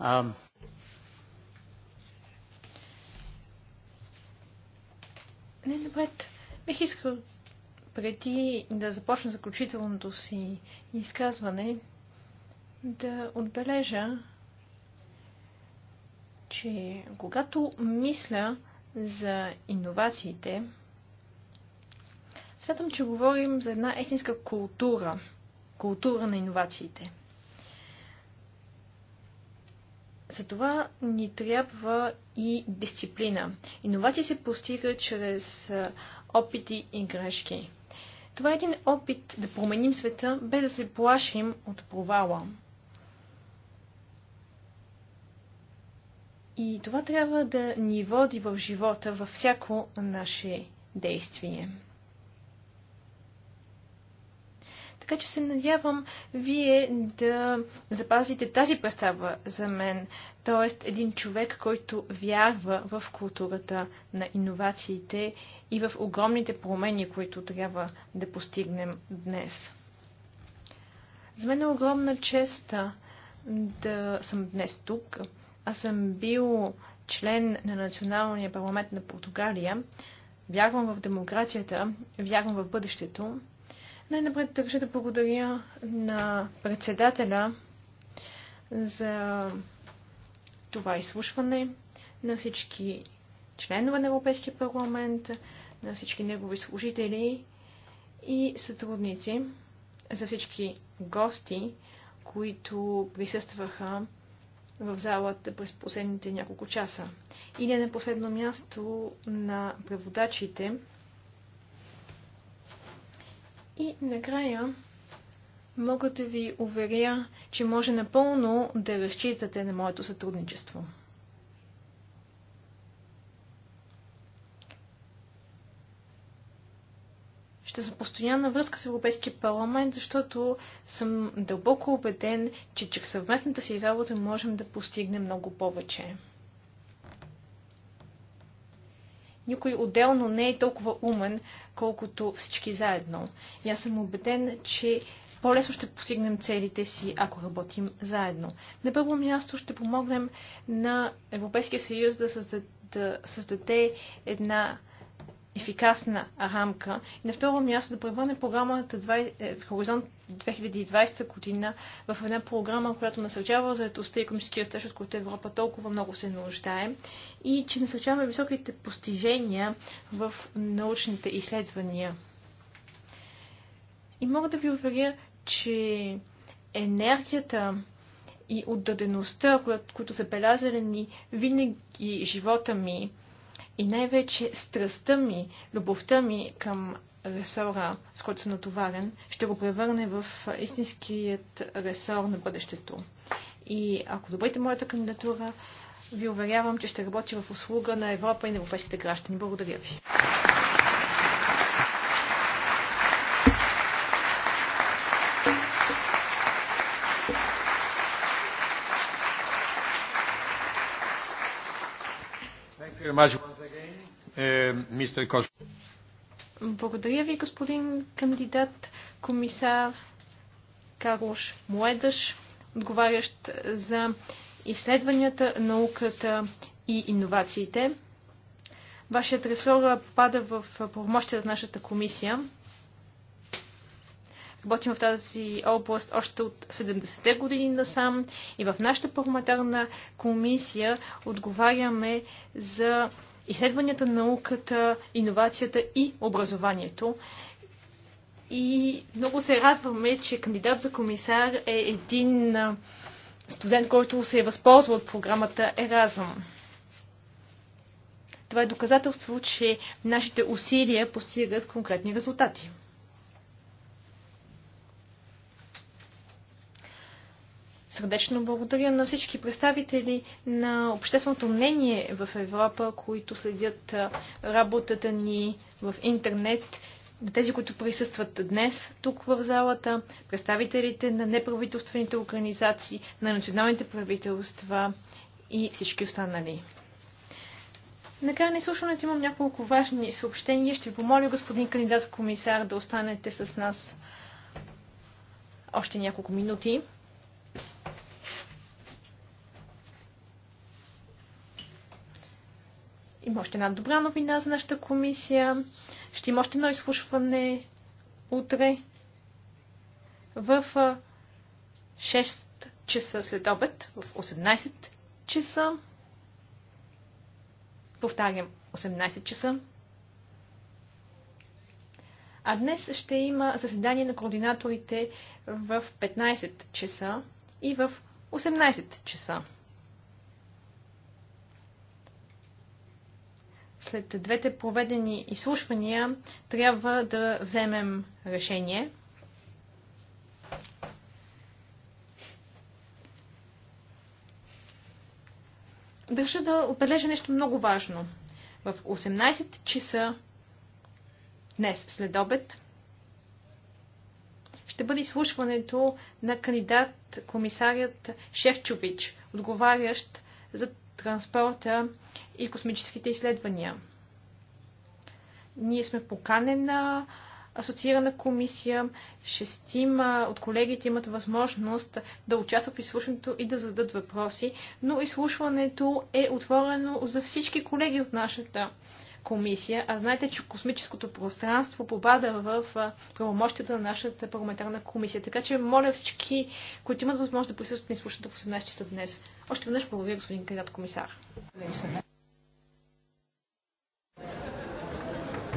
Um, Не, напред. Бих искал преди да започна заключителното си изказване да отбележа, че когато мисля за иновациите, смятам, че говорим за една етнинска култура. Култура на иновациите. Затова ни трябва и дисциплина. Иновация се постига чрез опити и грешки. Това е един опит да променим света, без да се плашим от провала. И това трябва да ни води в живота във всяко наше действие. Така че се надявам вие да запазите тази представа за мен, т.е. един човек, който вярва в културата на иновациите и в огромните промени, които трябва да постигнем днес. За мен е огромна чест да съм днес тук. Аз съм бил член на Националния парламент на Португалия. Вярвам в демокрацията, вярвам в бъдещето най-напред държа да благодаря на председателя за това изслушване, на всички членове на Европейския парламент, на всички негови служители и сътрудници, за всички гости, които присъстваха в залата през последните няколко часа. И не на последно място на преводачите, и накрая мога да ви уверя, че може напълно да разчитате на моето сътрудничество. ще съм постоянна връзка с Европейския парламент, защото съм дълбоко убеден, че чрез съвместната си работа можем да постигнем много повече. никой отделно не е толкова умен, колкото всички заедно. И аз съм убеден, че по-лесно ще постигнем целите си, ако работим заедно. На първо място ще помогнем на Европейския съюз да създаде, да създаде една ефикасна рамка. И на второ място да превърне програмата 20, е, Хоризонт 2020 година в една програма, която насърчава заедостта и економическия стъж, от който Европа толкова много се нуждае и че насърчава високите постижения в научните изследвания. И мога да ви уверя, че енергията и отдадеността, които са белязани винаги живота ми и най-вече страстта ми, любовта ми към ресора, с който съм натоварен, ще го превърне в истинският ресор на бъдещето. И ако добрите моята кандидатура, ви уверявам, че ще работи в услуга на Европа и на европейските граждани. Благодаря ви. Thank you very much. Е, мистер Кош. Благодаря ви, господин кандидат комисар Карлош Моедаш, отговарящ за изследванията, науката и иновациите. Вашият ресор попада в правомощията на нашата комисия. Работим в тази област още от 70-те години насам и в нашата парламентарна комисия отговаряме за изследванията, науката, иновацията и образованието. И много се радваме, че кандидат за комисар е един студент, който се е възползвал от програмата Еразъм. Това е доказателство, че нашите усилия постигат конкретни резултати. Сърдечно благодаря на всички представители на общественото мнение в Европа, които следят работата ни в интернет, тези, които присъстват днес тук в залата, представителите на неправителствените организации, на националните правителства и всички останали. Накрая на изслушването имам няколко важни съобщения. Ще ви помоля господин кандидат комисар да останете с нас още няколко минути. Има още една добра новина за нашата комисия. Ще има още едно изслушване утре в 6 часа след обед, в 18 часа. Повтарям, 18 часа. А днес ще има заседание на координаторите в 15 часа и в 18 часа. след двете проведени изслушвания трябва да вземем решение. Държа да отбележа нещо много важно. В 18 часа днес след обед ще бъде изслушването на кандидат комисарият Шефчович, отговарящ за транспорта и космическите изследвания. Ние сме поканена асоциирана комисия. Шестима от колегите имат възможност да участват в изслушването и да зададат въпроси, но изслушването е отворено за всички колеги от нашата комисия, а знаете, че космическото пространство попада в правомощията на нашата парламентарна комисия. Така че моля всички, които имат възможност да присъстват на изслушването в 18 часа днес. Още веднъж благодаря, господин кандидат комисар.